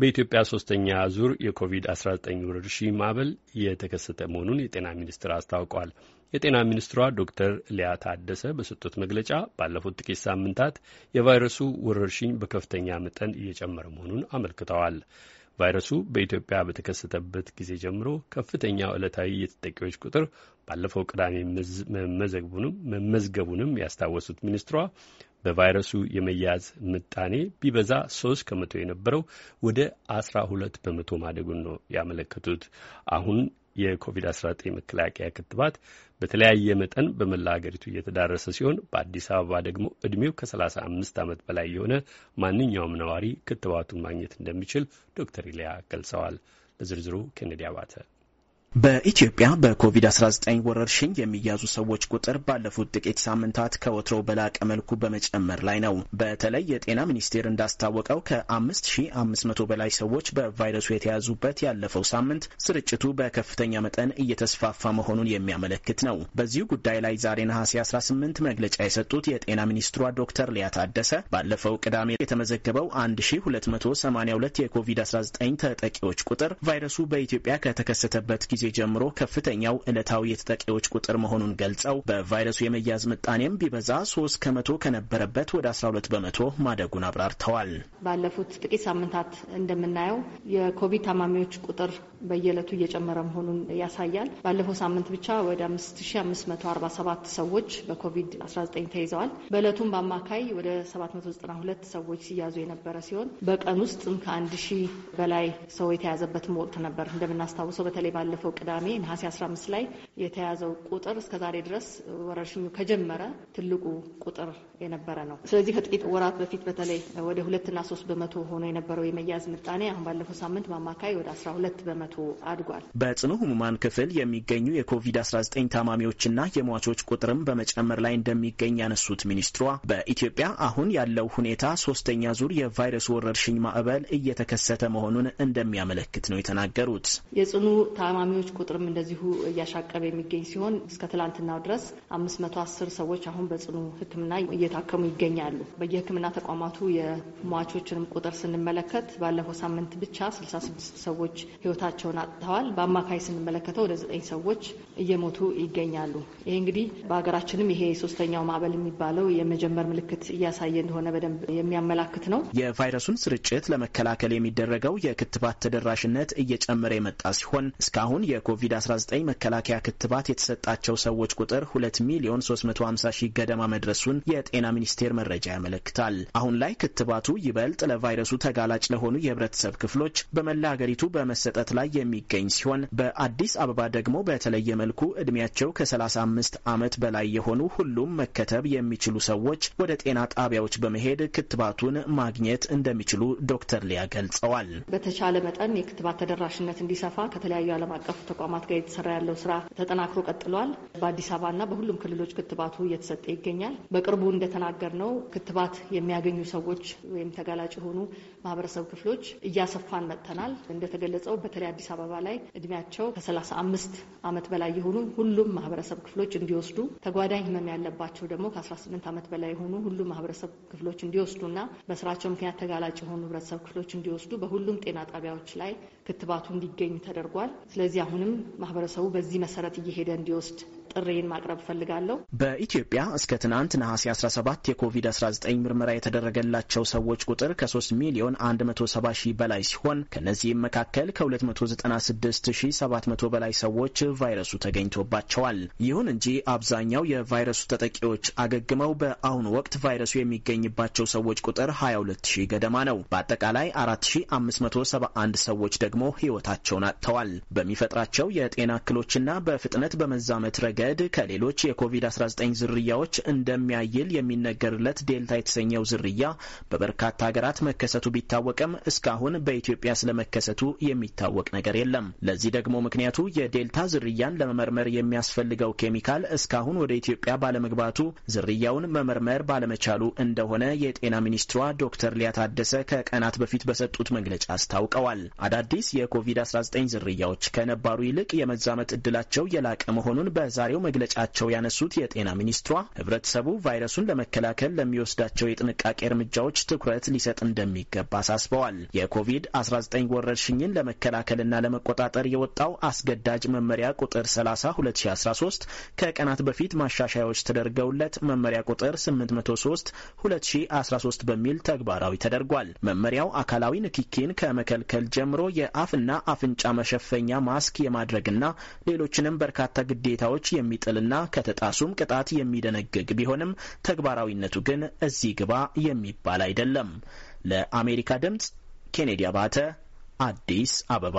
በኢትዮጵያ ሶስተኛ ዙር የኮቪድ-19 ወረርሽኝ ማዕበል የተከሰተ መሆኑን የጤና ሚኒስትር አስታውቋል። የጤና ሚኒስትሯ ዶክተር ሊያ ታደሰ በሰጡት መግለጫ ባለፉት ጥቂት ሳምንታት የቫይረሱ ወረርሽኝ በከፍተኛ መጠን እየጨመረ መሆኑን አመልክተዋል። ቫይረሱ በኢትዮጵያ በተከሰተበት ጊዜ ጀምሮ ከፍተኛው ዕለታዊ የተጠቂዎች ቁጥር ባለፈው ቅዳሜ መመዝገቡንም ያስታወሱት ሚኒስትሯ በቫይረሱ የመያዝ ምጣኔ ቢበዛ ሶስት ከመቶ የነበረው ወደ አስራ ሁለት በመቶ ማደጉን ነው ያመለከቱት። አሁን የኮቪድ-19 መከላከያ ክትባት በተለያየ መጠን በመላ ሀገሪቱ እየተዳረሰ ሲሆን በአዲስ አበባ ደግሞ እድሜው ከ35 ዓመት በላይ የሆነ ማንኛውም ነዋሪ ክትባቱን ማግኘት እንደሚችል ዶክተር ኢሊያ ገልጸዋል። ለዝርዝሩ ኬኔዲ አባተ በኢትዮጵያ በኮቪድ-19 ወረርሽኝ የሚያዙ ሰዎች ቁጥር ባለፉት ጥቂት ሳምንታት ከወትሮው በላቀ መልኩ በመጨመር ላይ ነው። በተለይ የጤና ሚኒስቴር እንዳስታወቀው ከ5500 በላይ ሰዎች በቫይረሱ የተያዙበት ያለፈው ሳምንት ስርጭቱ በከፍተኛ መጠን እየተስፋፋ መሆኑን የሚያመለክት ነው። በዚሁ ጉዳይ ላይ ዛሬ ነሐሴ 18 መግለጫ የሰጡት የጤና ሚኒስትሯ ዶክተር ሊያ ታደሰ ባለፈው ቅዳሜ የተመዘገበው 1282 የኮቪድ-19 ተጠቂዎች ቁጥር ቫይረሱ በኢትዮጵያ ከተከሰተበት ጊዜ ጊዜ ጀምሮ ከፍተኛው ዕለታዊ የተጠቂዎች ቁጥር መሆኑን ገልጸው በቫይረሱ የመያዝ ምጣኔም ቢበዛ ሶስት ከመቶ ከነበረበት ወደ 12 በመቶ ማደጉን አብራርተዋል። ባለፉት ጥቂት ሳምንታት እንደምናየው የኮቪድ ታማሚዎች ቁጥር በየዕለቱ እየጨመረ መሆኑን ያሳያል። ባለፈው ሳምንት ብቻ ወደ 5547 ሰዎች በኮቪድ-19 ተይዘዋል። በዕለቱም በአማካይ ወደ 792 ሰዎች ሲያዙ የነበረ ሲሆን በቀን ውስጥም ከ ሺህ በላይ ሰው የተያዘበትም ወቅት ነበር። እንደምናስታውሰው በተለይ ባለፈው ቅዳሜ ነሐሴ 15 ላይ የተያዘው ቁጥር እስከ ዛሬ ድረስ ወረርሽኙ ከጀመረ ትልቁ ቁጥር የነበረ ነው። ስለዚህ ከጥቂት ወራት በፊት በተለይ ወደ ሁለትና ሶስት በመቶ ሆኖ የነበረው የመያዝ ምጣኔ አሁን ባለፈው ሳምንት በአማካይ ወደ አስራ ሁለት በመቶ አድጓል። በጽኑ ህሙማን ክፍል የሚገኙ የኮቪድ-19 ታማሚዎችና የሟቾች ቁጥርም በመጨመር ላይ እንደሚገኝ ያነሱት ሚኒስትሯ በኢትዮጵያ አሁን ያለው ሁኔታ ሶስተኛ ዙር የቫይረስ ወረርሽኝ ማዕበል እየተከሰተ መሆኑን እንደሚያመለክት ነው የተናገሩት። የጽኑ ታማሚዎች ቁጥርም እንደዚሁ እያሻቀ። እየቀረበ የሚገኝ ሲሆን እስከ ትላንትናው ድረስ አምስት መቶ አስር ሰዎች አሁን በጽኑ ሕክምና እየታከሙ ይገኛሉ። በየሕክምና ተቋማቱ የሟቾችንም ቁጥር ስንመለከት ባለፈው ሳምንት ብቻ ስልሳ ስድስት ሰዎች ሕይወታቸውን አጥተዋል። በአማካይ ስንመለከተው ወደ ዘጠኝ ሰዎች እየሞቱ ይገኛሉ። ይሄ እንግዲህ በሀገራችንም ይሄ ሶስተኛው ማዕበል የሚባለው የመጀመር ምልክት እያሳየ እንደሆነ በደንብ የሚያመላክት ነው። የቫይረሱን ስርጭት ለመከላከል የሚደረገው የክትባት ተደራሽነት እየጨመረ የመጣ ሲሆን እስካሁን የኮቪድ-19 መከላከያ ክትባት የተሰጣቸው ሰዎች ቁጥር 2 ሚሊዮን 350 ሺህ ገደማ መድረሱን የጤና ሚኒስቴር መረጃ ያመለክታል። አሁን ላይ ክትባቱ ይበልጥ ለቫይረሱ ተጋላጭ ለሆኑ የህብረተሰብ ክፍሎች በመላ ሀገሪቱ በመሰጠት ላይ የሚገኝ ሲሆን በአዲስ አበባ ደግሞ በተለየ መልኩ ዕድሜያቸው ከ35 ዓመት በላይ የሆኑ ሁሉም መከተብ የሚችሉ ሰዎች ወደ ጤና ጣቢያዎች በመሄድ ክትባቱን ማግኘት እንደሚችሉ ዶክተር ሊያ ገልጸዋል። በተቻለ መጠን የክትባት ተደራሽነት እንዲሰፋ ከተለያዩ ዓለም አቀፍ ተቋማት ጋር የተሰራ ያለው ስራ ተጠናክሮ ቀጥሏል። በአዲስ አበባና በሁሉም ክልሎች ክትባቱ እየተሰጠ ይገኛል። በቅርቡ እንደተናገር ነው ክትባት የሚያገኙ ሰዎች ወይም ተጋላጭ የሆኑ ማህበረሰብ ክፍሎች እያሰፋን መጥተናል። እንደተገለጸው በተለይ አዲስ አበባ ላይ እድሜያቸው ከ35 ዓመት በላይ የሆኑ ሁሉም ማህበረሰብ ክፍሎች እንዲወስዱ፣ ተጓዳኝ ህመም ያለባቸው ደግሞ ከ18 ዓመት በላይ የሆኑ ሁሉም ማህበረሰብ ክፍሎች እንዲወስዱና በስራቸው ምክንያት ተጋላጭ የሆኑ ህብረተሰብ ክፍሎች እንዲወስዱ በሁሉም ጤና ጣቢያዎች ላይ ክትባቱ እንዲገኝ ተደርጓል። ስለዚህ አሁንም ማህበረሰቡ በዚህ መሰረት እየሄደ እንዲወስድ ጥሪን ማቅረብ እፈልጋለሁ። በኢትዮጵያ እስከ ትናንት ነሐሴ 17 የኮቪድ-19 ምርመራ የተደረገላቸው ሰዎች ቁጥር ከ3 ሚሊዮን 170 ሺህ በላይ ሲሆን ከእነዚህም መካከል ከ296700 በላይ ሰዎች ቫይረሱ ተገኝቶባቸዋል። ይሁን እንጂ አብዛኛው የቫይረሱ ተጠቂዎች አገግመው በአሁኑ ወቅት ቫይረሱ የሚገኝባቸው ሰዎች ቁጥር 22 ሺህ ገደማ ነው። በአጠቃላይ 4571 ሰዎች ደግሞ ሕይወታቸውን አጥተዋል። በሚፈጥራቸው የጤና እክሎችና በፍጥነት በመዛመት ረገድ መንገድ ከሌሎች የኮቪድ-19 ዝርያዎች እንደሚያይል የሚነገርለት ዴልታ የተሰኘው ዝርያ በበርካታ ሀገራት መከሰቱ ቢታወቅም እስካሁን በኢትዮጵያ ስለመከሰቱ የሚታወቅ ነገር የለም። ለዚህ ደግሞ ምክንያቱ የዴልታ ዝርያን ለመመርመር የሚያስፈልገው ኬሚካል እስካሁን ወደ ኢትዮጵያ ባለመግባቱ ዝርያውን መመርመር ባለመቻሉ እንደሆነ የጤና ሚኒስትሯ ዶክተር ሊያ ታደሰ ከቀናት በፊት በሰጡት መግለጫ አስታውቀዋል። አዳዲስ የኮቪድ-19 ዝርያዎች ከነባሩ ይልቅ የመዛመት እድላቸው የላቀ መሆኑን በዛ በዛሬው መግለጫቸው ያነሱት የጤና ሚኒስትሯ ህብረተሰቡ ቫይረሱን ለመከላከል ለሚወስዳቸው የጥንቃቄ እርምጃዎች ትኩረት ሊሰጥ እንደሚገባ አሳስበዋል። የኮቪድ-19 ወረርሽኝን ለመከላከልና ለመቆጣጠር የወጣው አስገዳጅ መመሪያ ቁጥር 30 2013 ከቀናት በፊት ማሻሻያዎች ተደርገውለት መመሪያ ቁጥር 803 2013 በሚል ተግባራዊ ተደርጓል። መመሪያው አካላዊ ንክኪን ከመከልከል ጀምሮ የአፍና አፍንጫ መሸፈኛ ማስክ የማድረግና ሌሎችንም በርካታ ግዴታዎች የሚጥልና ከተጣሱም ቅጣት የሚደነግግ ቢሆንም ተግባራዊነቱ ግን እዚህ ግባ የሚባል አይደለም። ለአሜሪካ ድምጽ ኬኔዲ አባተ አዲስ አበባ